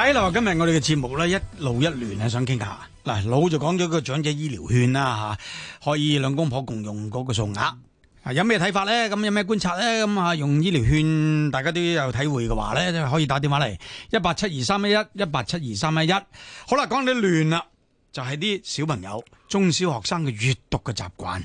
睇啦，今日我哋嘅節目咧一路一亂啊，想傾下嗱，老就講咗個長者醫療券啦吓，可以兩公婆共用嗰個數額，有咩睇法咧？咁有咩觀察咧？咁啊，用醫療券，大家都有體會嘅話咧，可以打電話嚟一八七二三一一一八七二三一一。好啦，講啲亂啦，就係啲小朋友、中小學生嘅閱讀嘅習慣。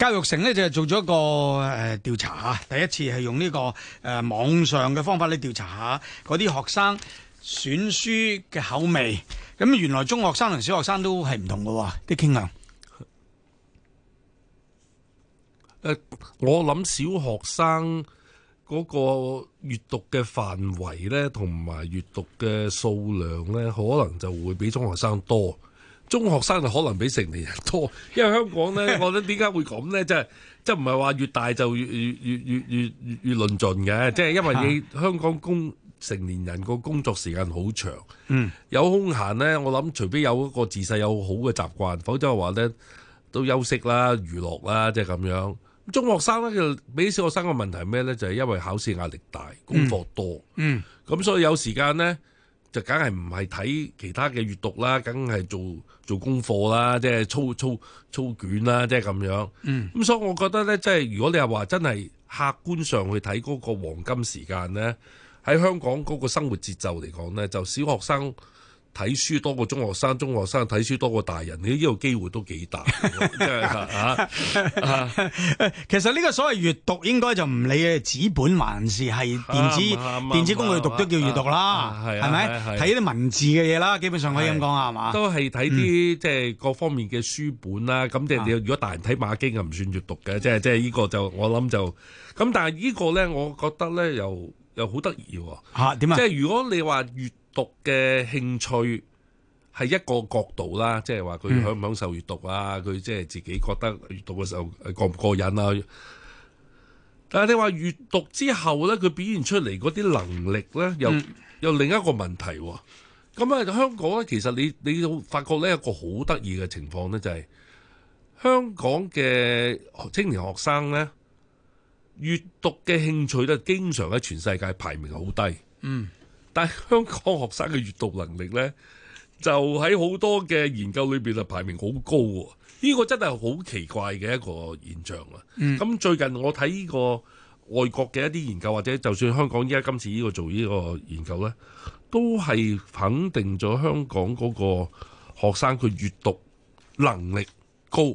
教育城咧就係做咗一個誒調、呃、查吓，第一次係用呢、這個誒、呃、網上嘅方法嚟調查下嗰啲學生選書嘅口味。咁原來中學生同小學生都係唔同嘅，啲傾向。呃、我諗小學生嗰個閱讀嘅範圍咧，同埋閱讀嘅數量咧，可能就會比中學生多。中學生就可能比成年人多，因為香港呢，我覺得點解會咁呢？即係即係唔係話越大就越越越越越越論盡嘅。即係因為你香港工成年人個工作時間好長，有空閒呢，我諗除非有一個自細有好嘅習慣，否則話呢，都休息啦、娛樂啦，即係咁樣。中學生呢，就比小學生嘅問題咩呢？就係、是、因為考試壓力大、功課多，咁、嗯嗯、所以有時間呢。就梗係唔係睇其他嘅閱讀啦，梗係做做功課啦，即係操操操卷啦，即係咁樣。咁、嗯、所以，我覺得呢，即係如果你係話真係客觀上去睇嗰個黃金時間呢，喺香港嗰個生活節奏嚟講呢，就小學生。睇書多過中學生，中學生睇書多過大人，你呢個機會都幾大。 其實呢個所謂閲讀應該就唔理紙本還是係電子、嗯、電子工具讀都叫閲讀啦，係咪睇啲文字嘅嘢啦？基本上可以咁講啊，係嘛是嗎都係睇啲即係各方面嘅書本啦。咁即係如果大人睇《馬經》又唔算閲讀嘅，即係即係呢個就我諗就咁。但係呢個咧，我覺得咧又。又好得意喎嚇點啊！即係如果你話閱讀嘅興趣係一個角度啦，即係話佢享唔享受閱讀啊，佢、嗯、即係自己覺得閱讀嘅時候過唔過癮啊？但係你話閱讀之後咧，佢表現出嚟嗰啲能力咧，又又、嗯、另一個問題喎、哦，咁啊，香港咧，其實你你又發覺咧有一個好得意嘅情況咧、就係，就係香港嘅青年學生咧，閱讀嘅興趣咧，經常喺全世界排名好低。嗯，但係香港學生嘅閱讀能力呢，就喺好多嘅研究裏邊啊，排名好高喎。呢、呢個真係好奇怪嘅一個現象啊。咁、嗯、最近我睇呢個外國嘅一啲研究，或者就算香港依家今次呢個做呢個研究呢，都係肯定咗香港嗰個學生佢閱讀能力高。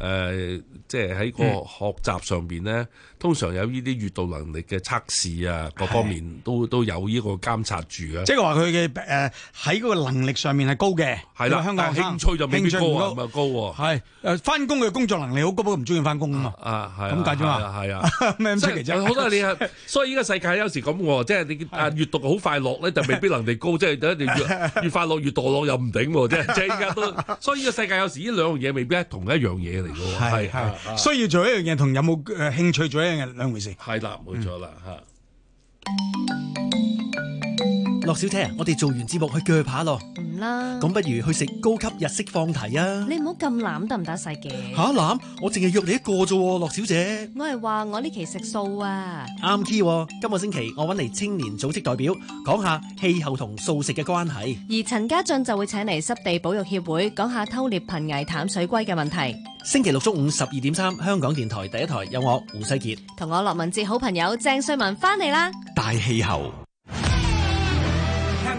誒、呃，即係喺個學習上邊咧、嗯，通常有呢啲閱讀能力嘅測試啊，各方面都都有呢個監察住啊。即係話佢嘅誒喺嗰個能力上面係高嘅，係啦，香港興趣就未必高咁啊係誒，返工嘅工作能力好高，不過唔中意返工啊嘛。啊，係咁解咗啊，係啊，啊，啊 多，所以呢個世界有時咁喎，即係你啊，就是，你閱讀好快樂咧， 就未必能力高，即係一定越快樂越墮落又唔頂喎，即係即係依家都。所以呢個世界有時呢兩樣嘢未必係同一樣嘢嚟係係，需要做一樣嘢同有冇誒興趣做一樣嘢，兩回事。係啦，冇錯啦嚇。嗯樂小姐、啊，我哋做完節目去鋸扒咯，唔啦，咁不如去食高級日式放題啊！你唔好咁攬，得唔得世嘅？吓、啊、攬，我淨係約你一個啫，樂小姐。我係話我呢期食素啊，啱 key。今個星期我搵嚟青年組織代表講下氣候同素食嘅關係。而陳家俊就會請嚟濕地保育協會講下偷獵瀕危淡水龜嘅問題。星期六中午十二點三，3，香港電台第一台有我胡世傑，同我樂文哲好朋友鄭瑞文翻嚟啦。大氣候。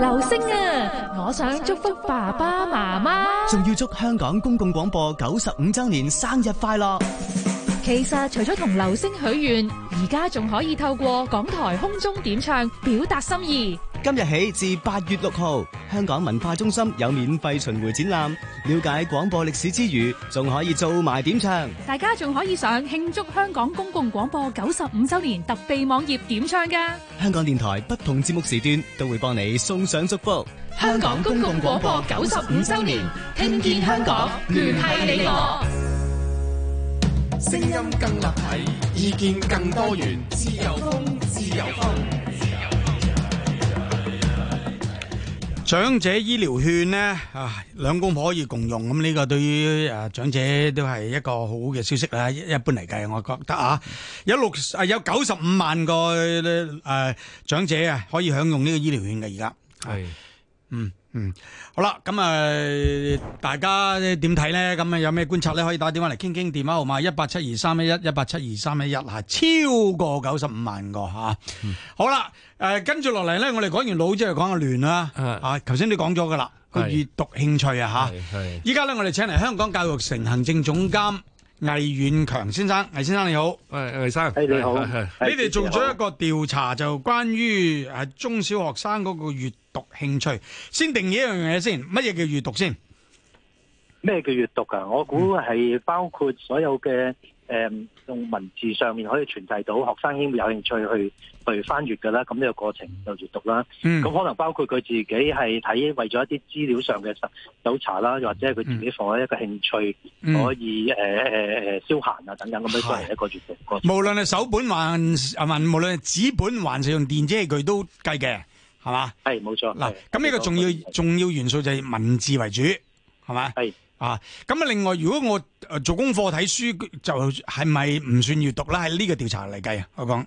流星啊，我想祝福爸爸媽媽，仲要祝香港公共廣播九十五周年生日快樂。其實除咗同流星許願，而家仲可以透過港台空中點唱表達心意。今日起至八月六號，香港文化中心有免費巡迴展覽，了解廣播歷史之餘，仲可以做埋點唱。大家仲可以上慶祝香港公共廣播九十五周年特備網頁點唱㗎。香港電台不同節目時段都會幫你送上祝福。香港公共廣播九十五周年，聽見香港，聯繫你我，聲音更立體，意見更多元，自由風，自由風。長者醫療券呢啊，兩公婆可以共用，咁、這、呢個對於誒長者都係一個好嘅消息啦。一一般嚟計，我覺得啊，有六啊有九十五萬個誒、呃、長者啊，可以享用呢個醫療券嘅而家係。嗯嗯，好啦，咁、呃、啊，大家點睇咧？咁啊，有咩觀察咧？可以打電話嚟傾傾，電話號碼一八七二三一一一八七二三一一，超過九十五萬個吓、啊嗯。好啦，誒、呃，跟住落嚟咧，我哋講完老即係講個聯啦。啊，頭先你講咗噶啦，閱、啊、讀興趣啊吓。係，依家咧，我哋請嚟香港教育城行政總監。魏遠強先生，魏先生你好，誒，魏生，你好，你哋做咗一個調查，就關於係中小學生嗰個閱讀興趣，先定一樣嘢先，乜嘢叫閱讀先？咩叫閱讀啊？我估係包括所有嘅誒。嗯用文字上面可以傳遞到學生已經有興趣去去翻閱嘅啦，咁呢個過程就閲讀啦。咁、嗯、可能包括佢自己係睇為咗一啲資料上嘅搜搜查啦，或者係佢自己放一個興趣、嗯、可以誒誒誒消閒啊等等咁樣都係一個閲讀過程。無論係手本還啊，無論紙本還是用電子器具都計嘅，係嘛？係冇錯。嗱，咁呢個重要重要元素就係文字為主，係嘛？係。啊，咁啊，另外如果我誒、呃、做功課睇書就係咪唔算閱讀啦？喺呢個調查嚟計啊，我講誒，嗱、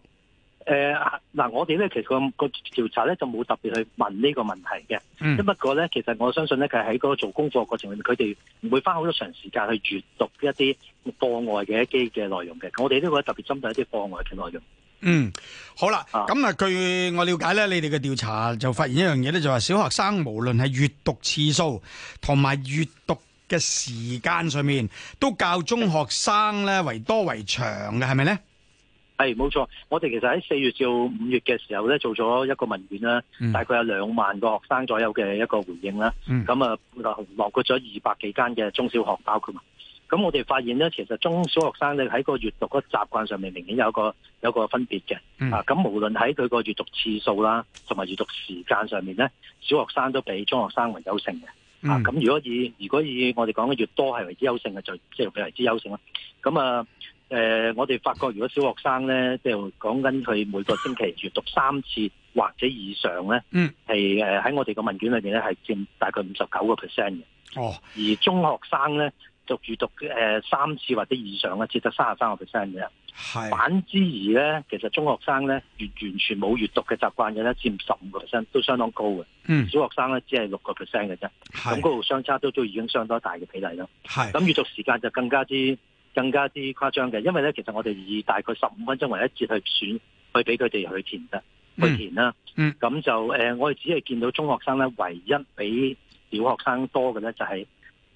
呃呃，我哋咧其實個調查咧就冇特別去問呢個問題嘅。嗯，不過咧，其實我相信咧，佢喺嗰個做功課嘅過程裡面，佢哋唔會花好多長時間去閱讀一啲課外嘅一啲嘅內容嘅。我哋呢個特別針對一啲課外嘅內容。嗯，好啦，咁啊、嗯，據我了解咧，你哋嘅調查就發現一樣嘢咧，就話小學生無論係閱讀次數同埋閱讀。嘅時間上面都教中學生咧，為多為長嘅係咪咧？係冇錯，我哋其實喺四月至五月嘅時候咧，做咗一個問卷啦，嗯，大概有兩萬個學生左右嘅一個回應啦。咁啊，落落過咗二百幾間嘅中小學包括嘛。咁我哋發現咧，其實中小學生咧喺個閱讀嘅習慣上面明顯有個有個分別嘅，嗯。啊，咁無論喺佢個閱讀次數啦，同埋閱讀時間上面咧，小學生都比中學生為優勝嘅。嗯、啊，咁如果以如果以我哋講嘅越多係為之優勝嘅，就即、是、係為之優勝啦。咁啊，誒、呃，我哋發覺如果小學生咧，即係講緊佢每個星期閱讀三次或者以上咧，嗯，係誒喺我哋個問卷裏邊咧係佔大概五十九個 percent 嘅。哦，而中學生咧。閱讀閱讀嘅誒三次或者以上咧，只得三十三個 percent 嘅。係反之而咧，其實中學生咧，完完全冇閱讀嘅習慣嘅咧，佔十五個 percent，都相當高嘅。嗯，小學生咧只係六個 percent 嘅啫。係咁，嗰度相差都都已經相當大嘅比例咯。係咁，閲讀時間就更加之更加之誇張嘅，因為咧，其實我哋以大概十五分鐘為一節去選去俾佢哋去填得去填啦。嗯。咁、嗯、就誒、呃，我哋只係見到中學生咧，唯一比小學生多嘅咧，就係、是。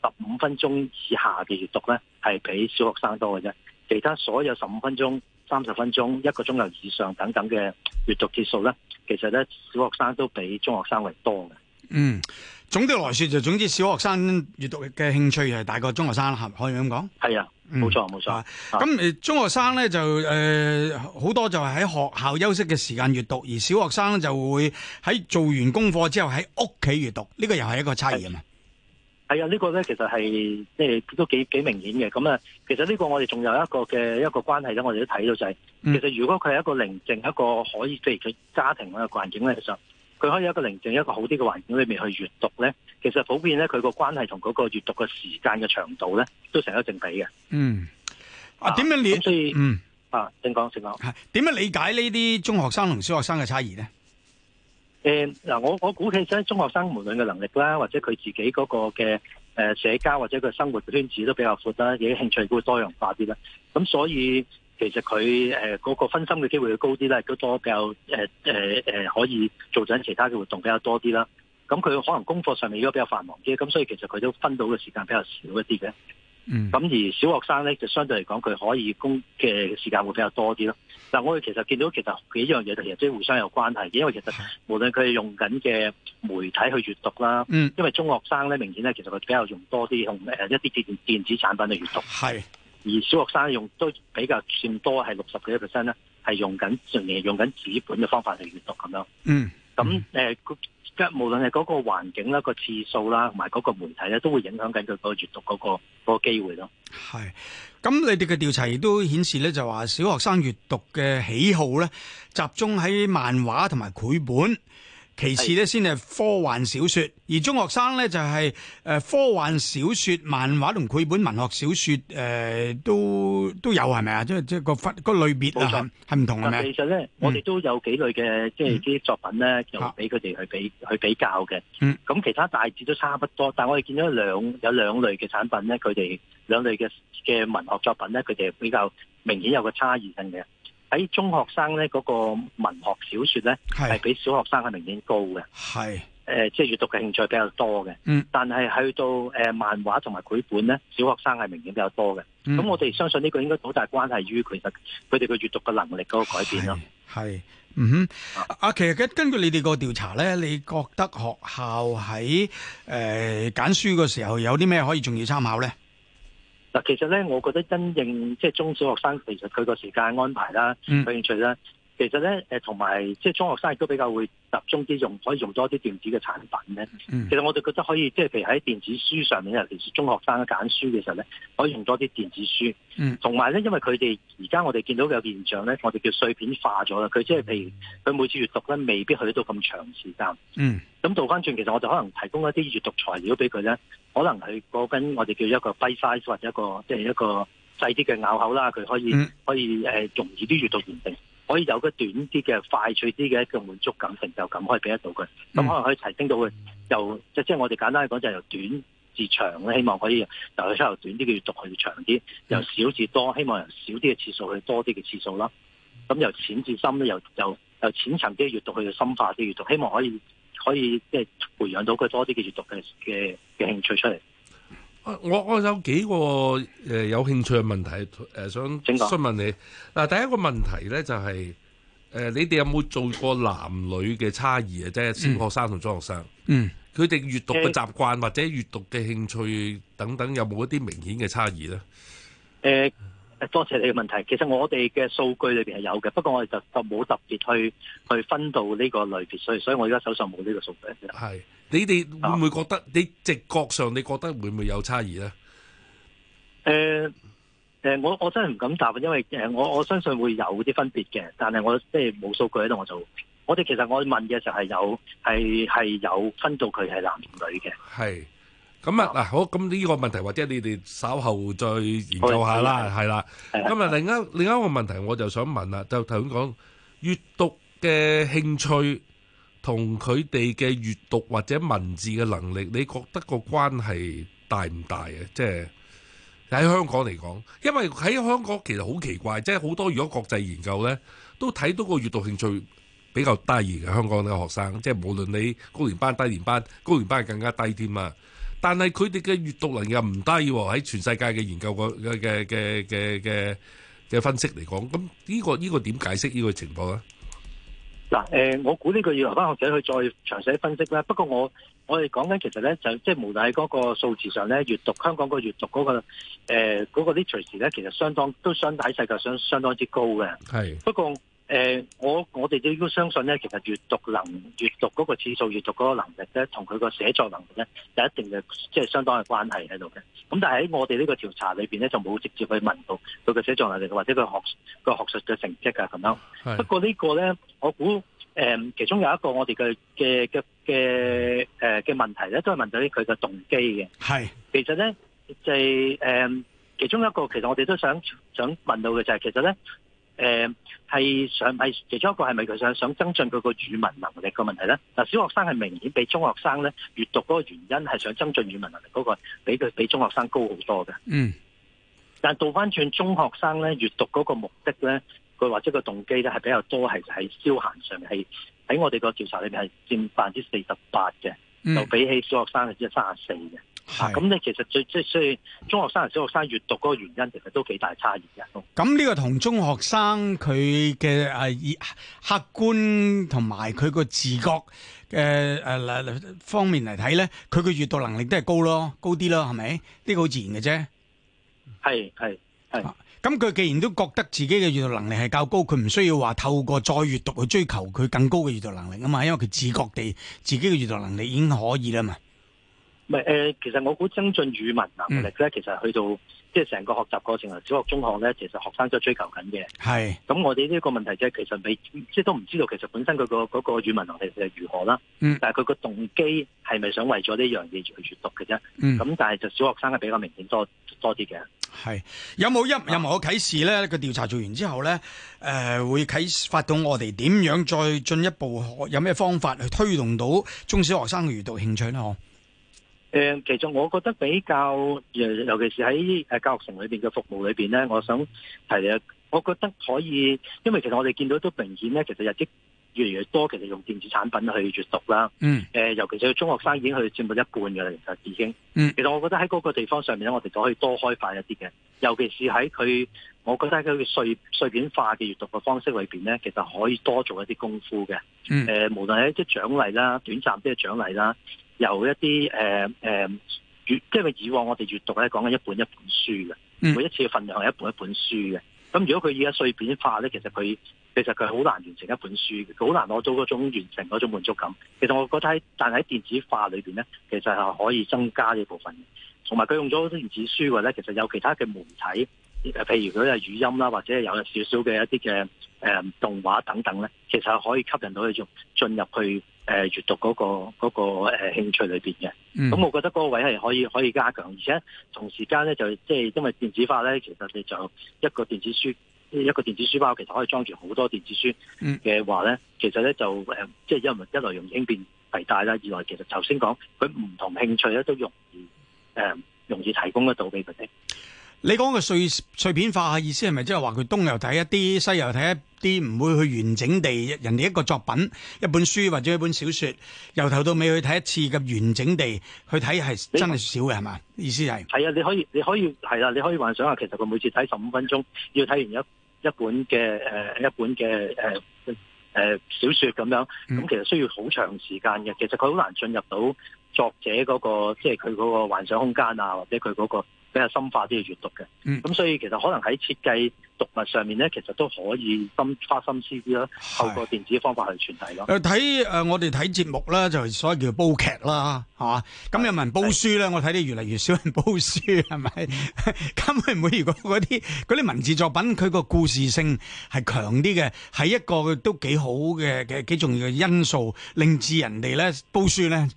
十五分鐘以下嘅閱讀呢，係比小學生多嘅啫。其他所有十五分鐘、三十分鐘、一個鐘頭以上等等嘅閱讀次數呢，其實呢，小學生都比中學生為多嘅。嗯，總的來說就總之，小學生閱讀嘅興趣係大過中學生，可唔可以咁講？係啊，冇錯冇錯。咁、嗯、誒、啊嗯，中學生呢，就誒好、呃、多就係喺學校休息嘅時間閱讀，而小學生就會喺做完功課之後喺屋企閱讀。呢、這個又係一個差異啊嘛。係啊，呢個咧其實，係即係都幾幾明顯嘅。咁啊，其實呢個我哋仲有一個嘅一個關係咧，我哋都睇到就係，其實如果佢係一個寧靜一個可以譬如佢家庭嘅環境咧，其實佢可以一個寧靜一個好啲嘅環境裏面去閱讀咧。其實普遍咧，佢個關係同嗰個閱讀嘅時間嘅長度咧，都成一個正比嘅。嗯，啊，點樣理、啊所以？嗯，啊，正講？正講？係點樣理解呢啲中學生同小學生嘅差異咧？誒，嗱，我我估其實中學生無論嘅能力啦，或者佢自己嗰個嘅誒社交或者佢生活的圈子都比較闊啦，自己興趣會多元化啲啦，咁所以其實佢誒嗰個分心嘅機會會高啲咧，都多比較誒誒誒可以做緊其他嘅活動比較多啲啦。咁佢可能功課上面都比較繁忙啲，咁所以其實佢都分到嘅時間比較少一啲嘅。嗯，咁而小學生咧就相對嚟講，佢可以工嘅時間會比較多啲咯。但我哋其實見到其實幾樣嘢，其實即係互相有關係嘅，因為其實無論佢用緊嘅媒體去閱讀啦，嗯，因為中學生咧明顯咧其實佢比較用多啲用一啲電電子產品去閱讀，係。而小學生用都比較算多，係六十幾 percent 咧，係用緊仍然係用緊紙本嘅方法去閱讀咁樣，嗯。咁誒，無論係嗰個環境啦、個次數啦，同埋嗰個媒體咧，都會影響緊佢嗰個閱讀嗰個嗰個機會咯。係，咁你哋嘅調查亦都顯示咧，就話小學生閱讀嘅喜好咧，集中喺漫畫同埋繪本。其次咧，先係科幻小說，而中學生咧就係、是、誒、呃、科幻小說、漫畫同繪本文學小說誒、呃、都都有係咪啊？即係即係、個分、個類別啊，係唔同係咩其實咧、嗯，我哋都有幾類嘅，即係啲作品咧、嗯，就俾佢哋去比、啊、去比較嘅。嗯，咁其他大致都差不多，但係我哋見到兩有兩類嘅產品咧，佢哋兩類嘅嘅文學作品咧，佢哋比較明顯有個差異性嘅。喺中學生咧嗰個文學小說咧係比小學生係明顯高嘅，係誒即係閱讀嘅興趣比較多嘅。嗯，但係去到誒漫畫同埋繪本咧，小學生係明顯比較多嘅。咁、嗯、我哋相信呢個應該好大關係於佢哋佢哋嘅閱讀嘅能力嗰個改變咯。係，嗯哼，阿其實根據你哋個調查咧，你覺得學校喺誒揀書嘅時候有啲咩可以重要參考咧？嗱，其實咧，我覺得因應即係中小學生，其實佢個時間安排啦、佢興趣啦。其實咧，同埋即係中學生亦都比較會集中啲用，可以用多啲電子嘅產品咧、嗯。其實我哋覺得可以，即係譬如喺電子書上面，尤其是中學生揀書嘅時候咧，可以用多啲電子書。同埋咧，因為佢哋而家我哋見到嘅有現象咧，我哋叫碎片化咗啦。佢即係譬如佢每次閱讀咧，未必去到咁長時間。嗯。咁倒翻轉，其實我就可能提供一啲閱讀材料俾佢咧，可能佢嗰緊我哋叫一個 bite size 或者一個即係、就是、一個細啲嘅咬口啦，佢可以、嗯、可以容易啲閱讀完成。可以有個短啲嘅、快趣啲嘅一個滿足感、成就感可以俾得到佢，咁可能可以提升到佢由即即係我哋簡單嚟講，就係由短至長咧，希望可以由佢出由短啲嘅閱讀去長啲，由少至多，希望由少啲嘅次數去多啲嘅次數啦。咁由淺至深咧，由由由淺層啲嘅閱讀去深化啲嘅閱讀，希望可以可以即係培養到佢多啲嘅閱讀嘅嘅嘅興趣出嚟。我我有幾個誒有興趣嘅問題誒，想問問你嗱，第一個問題呢，就係誒，你哋有冇做過男女嘅差異啊？即係小學生同中學生，嗯，佢哋閱讀嘅習慣或者閱讀嘅興趣等等，有冇一啲明顯嘅差異呢？誒。多謝你嘅問題，其實我哋嘅數據裏邊係有嘅，不過我哋就就冇特別去去分到呢個類別，所以所以我而家手上冇呢個數據。係你哋會唔會覺得，哦？你直覺上你覺得會唔會有差異咧？誒、呃、誒，我我真係唔敢答，因為誒，我我相信會有啲分別嘅，但係我即係冇數據喺度，我就我哋其實我問嘅就係有係係有分到佢係男女嘅。係。咁啊嗱，好，咁呢個問題或者你哋稍後再研究下啦，係啦。咁啊，另一另一個問題我就想問啦，就頭先講閱讀嘅興趣同佢哋嘅閱讀或者文字嘅能力，你覺得個關係大唔大啊？即係喺香港嚟講，因為喺香港其實好奇怪，即係好多如果國際研究呢都睇到個閱讀興趣比較低嘅香港嘅學生，即係無論你高年班、低年班、高年班係更加低添啊。但係佢哋嘅閱讀能力又唔低喎，喺全世界嘅研究個嘅嘅嘅嘅嘅分析嚟講，咁呢、呢個呢、呢個點解釋呢個情況呢？嗱，誒，我估呢個要留翻學者去再詳細分析啦。不過我我哋講緊其實咧，就即、是、係無論喺嗰個數字上咧，閱讀香港的閱讀、那個閱讀嗰個誒嗰個啲隨時咧，其實相當都相喺世界上相，相當之高嘅。係不過。誒、呃，我我哋都相信咧，其實閱讀能閱讀嗰個次數、閱讀嗰個能力咧，同佢個寫作能力咧，就一定嘅即係相當嘅關係喺度嘅。咁但係喺我哋呢個調查裏邊咧，就冇直接去問到佢嘅寫作能力，或者佢學個學術嘅成績噶咁樣。不過個呢個咧，我估誒、呃，其中有一個我哋嘅嘅嘅嘅誒嘅問題咧，都係問到啲佢嘅動機嘅。係，其實咧就係、是、誒、呃，其中一個其實我哋都想想問到嘅就係、是，其實咧。誒、呃、係想係其中一個係咪佢實想增進佢個語文能力個問題咧？嗱，小學生係明顯比中學生咧閱讀嗰個原因係想增進語文能力嗰、嗰個，比佢比中學生高好多嘅。嗯。但倒翻轉中學生咧，閱讀嗰個目的咧，佢或者個動機咧，係比較多係喺消閒上面，係喺我哋個調查裏面係佔百分之四十八嘅，就比起小學生係只有三十四嘅。的係咁咧，啊、你其實最即係中學生同小學生閱讀嗰個原因，其實都幾大差異嘅。咁呢個同中學生佢嘅誒以客觀同埋佢個自覺嘅誒、啊啊、方面嚟睇呢，佢嘅閱讀能力都係高咯，高啲咯，係咪？呢、這個好自然嘅啫。係係係。咁佢、啊、既然都覺得自己嘅閱讀能力係較高，佢唔需要話透過再閱讀去追求佢更高嘅閱讀能力啊嘛，因為佢自覺地自己嘅閱讀能力已經可以啦嘛。咪誒，其實我估增進語文能力咧，其實去到即係成個學習過程，由小學中學咧，其實學生都追求緊嘅。係。咁我哋呢個問題即係其實未，即係都唔知道其實本身佢個嗰個語文能力其實如何啦、嗯。但係佢個動機係咪想為咗呢樣嘢去閲讀嘅啫？咁、嗯、但係就小學生係比較明顯多多啲嘅。係。有冇任任何嘅啟示咧？個調查做完之後咧，誒、呃、會啟發到我哋點樣再進一步，有咩方法去推動到中小學生嘅閲讀興趣呢？哦。誒、呃，其實我覺得比較，尤其是喺誒教育城裏邊嘅服務裏邊咧，我想提嘅，我覺得可以，因為其實我哋見到都明顯咧，其實日益越嚟越多，其實用電子產品去閲讀啦。嗯。誒，尤其是中學生已經去佔到一半嘅啦，其實已經。其實我覺得喺嗰個地方上面咧，我哋就可以多開發一啲嘅，尤其是喺佢，我覺得佢碎碎片化嘅閲讀嘅方式裏邊咧，其實可以多做一啲功夫嘅。誒、呃，無論喺一啲獎勵啦，短暫啲嘅獎勵啦。由一啲誒誒閲，即係以往我哋閲讀咧，講緊一本一本書嘅，mm. 每一次嘅份量係一本一本書嘅。咁如果佢而家碎片化咧，其實佢其實佢好難完成一本書嘅，佢好難攞到嗰種完成嗰種滿足感。其實我覺得喺但係喺電子化裏邊咧，其實係可以增加呢一部分嘅。同埋佢用咗電子書嘅咧，其實有其他嘅媒體。誒，譬如佢係語音啦，或者有少少嘅一啲嘅誒動畫等等咧，其實可以吸引到佢進進入去誒閱讀嗰個嗰個興趣裏邊嘅。咁我覺得嗰個位係可以可以加強，而且同時間咧就即係因為電子化咧，其實你就一個電子書一個電子書包，其實可以裝住好多電子書嘅話咧，其實咧就誒，即係一嚟一嚟容易輕便攜帶啦，二來其實頭先講佢唔同興趣咧都容易誒容易提供得到俾佢聽。你講嘅碎碎片化嘅意思係咪即係話佢東遊睇一啲，西遊睇一啲，唔會去完整地人哋一個作品、一本書或者一本小說由頭到尾去睇一次，咁完整地去睇係真係少嘅係嘛？意思係？係啊，你可以你可以係啦，你可以幻想下，其實佢每次睇十五分鐘，要睇完一一本嘅誒一本嘅誒誒小說咁樣，咁其實需要好長時間嘅。其實佢好難進入到作者嗰個即係佢嗰個幻想空間啊，或者佢嗰個。比較深化啲嘅閱讀嘅，咁、嗯、所以其實可能喺設計讀物上面咧，其實都可以深花心思啲咯，透過電子方法去傳遞咯。睇誒、呃呃，我哋睇節目啦，就所謂叫做煲劇啦，係嘛？有冇人煲書咧，我睇你越嚟越少人煲書，係咪？會唔會如果嗰啲啲文字作品，佢個故事性係強啲嘅，係一個都幾好嘅嘅幾重要嘅因素，令至人哋咧煲書咧，誒、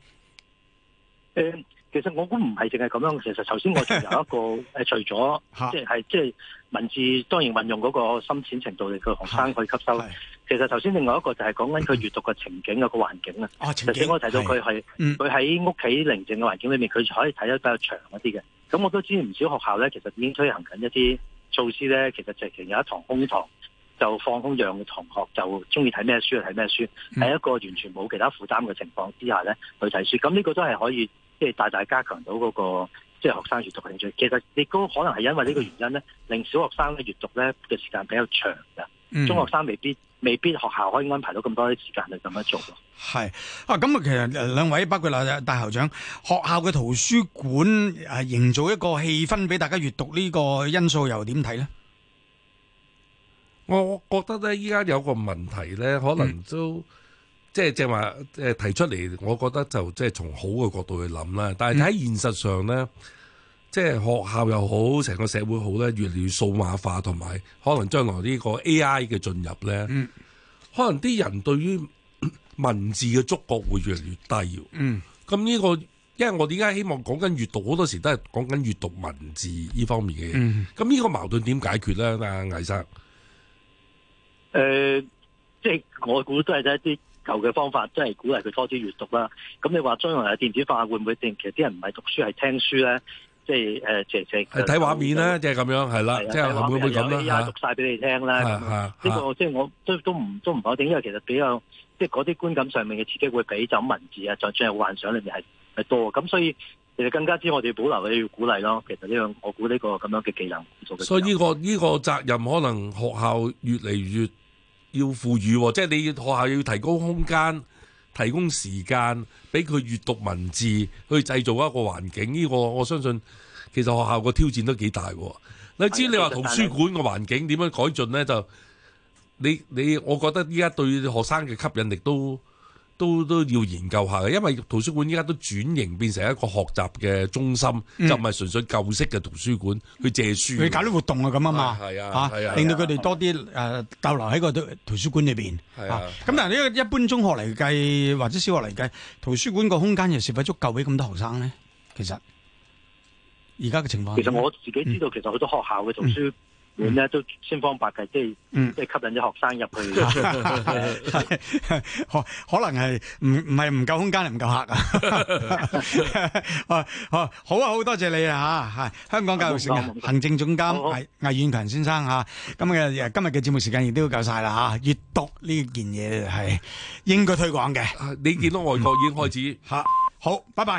嗯。其實我估唔係淨係咁樣。其實頭先我仲有一個，誒、 就是，除咗即係即係文字，當然運用嗰個深淺程度嚟嘅個學生去吸收。 其實頭先另外一個就係講緊佢閱讀嘅情景有 個環境啊。頭、哦、先我提到佢係佢喺屋企寧靜嘅環境裏面，佢可以睇得比較長一啲嘅。咁我都知唔少學校咧，其實已經推行緊一啲措施咧。其實直情有一堂空堂，就放空讓嘅同學就中意睇咩書就睇咩書，喺一個完全冇其他負擔嘅情況之下咧去睇書。咁呢個都係可以。即、就、係、是、大大加強到嗰、那個即係、就是、學生閲讀興趣。其實亦都可能係因為呢個原因咧、嗯，令小學生嘅閲讀咧嘅時間比較長嘅、嗯。中學生未必未必學校可以安排到咁多啲時間去咁樣做。係啊，咁啊，其實兩位包括嗱大校長，學校嘅圖書館啊，營造一個氣氛俾大家閲讀，呢個因素又點睇咧？我覺得咧，依家有個問題咧，可能都。嗯即係正話，誒提出嚟，我覺得就即係從好嘅角度去諗啦。但係喺現實上咧，即、嗯、係學校又好，成個社會好咧，越嚟越數碼化，同埋可能將來呢個 AI 嘅進入咧、嗯，可能啲人對於文字嘅觸覺會越嚟越低。咁、嗯、呢、這個，因為我點解希望講緊閲讀，好多時都係講緊閲讀文字呢方面嘅嘢。咁、嗯、呢個矛盾點解決咧，阿魏生？誒、呃，即係我估都係一啲。舊嘅方法，即係鼓勵佢多啲閱讀啦。咁你話將來嘅電子化會唔會定？其實啲人唔係讀書，係聽書咧。即係誒，直情係睇畫面咧，即係咁樣，係啦、啊，即係、啊、會唔會咁、啊、讀晒，俾你聽啦。呢、啊啊啊這個即係、就是、我都都唔都唔肯定，因為其實比較即係嗰啲觀感上面嘅刺激會比走文字啊，再再幻想裏面係係多。咁所以其實更加之，我哋要保留，你要鼓勵咯。其實呢、這個、樣我估呢個咁樣嘅技能，所以呢、這個呢、這個責任可能學校越嚟越。要賦予，即係你學校要提供空間、提供時間，俾佢閱讀文字，去製造一個環境。呢、呢個我相信其實學校個挑戰都幾大。你知你話圖書館個環境點樣改進呢？就你你，我覺得依家對學生嘅吸引力都。都都要研究下嘅，因為圖書館依家都轉型變成一個學習嘅中心，嗯、就唔係純粹舊式嘅圖書館去借書。你搞啲活動啊咁啊嘛，嚇令到佢哋多啲誒、啊啊、逗留喺個圖書館裏邊。嚇咁、啊啊、但係呢個一般中學嚟計或者小學嚟計，圖書館個空間又是否足夠俾咁多學生咧？其實而家嘅情況，其實我自己知道，其實好多學校嘅圖書、嗯。嗯遠、嗯、咧都千方百計，即係即係吸引啲學生入去。可可能係唔唔係唔夠空間，唔夠客啊？好啊，好多謝你啊吓，係香港教育城行政總監魏魏遠強先生吓。咁、啊、嘅今、啊、今日嘅節目時間亦都夠晒啦吓。閱、啊、讀呢件嘢係應該推廣嘅、啊。你見到外國已經開始吓、嗯嗯啊，好，拜拜。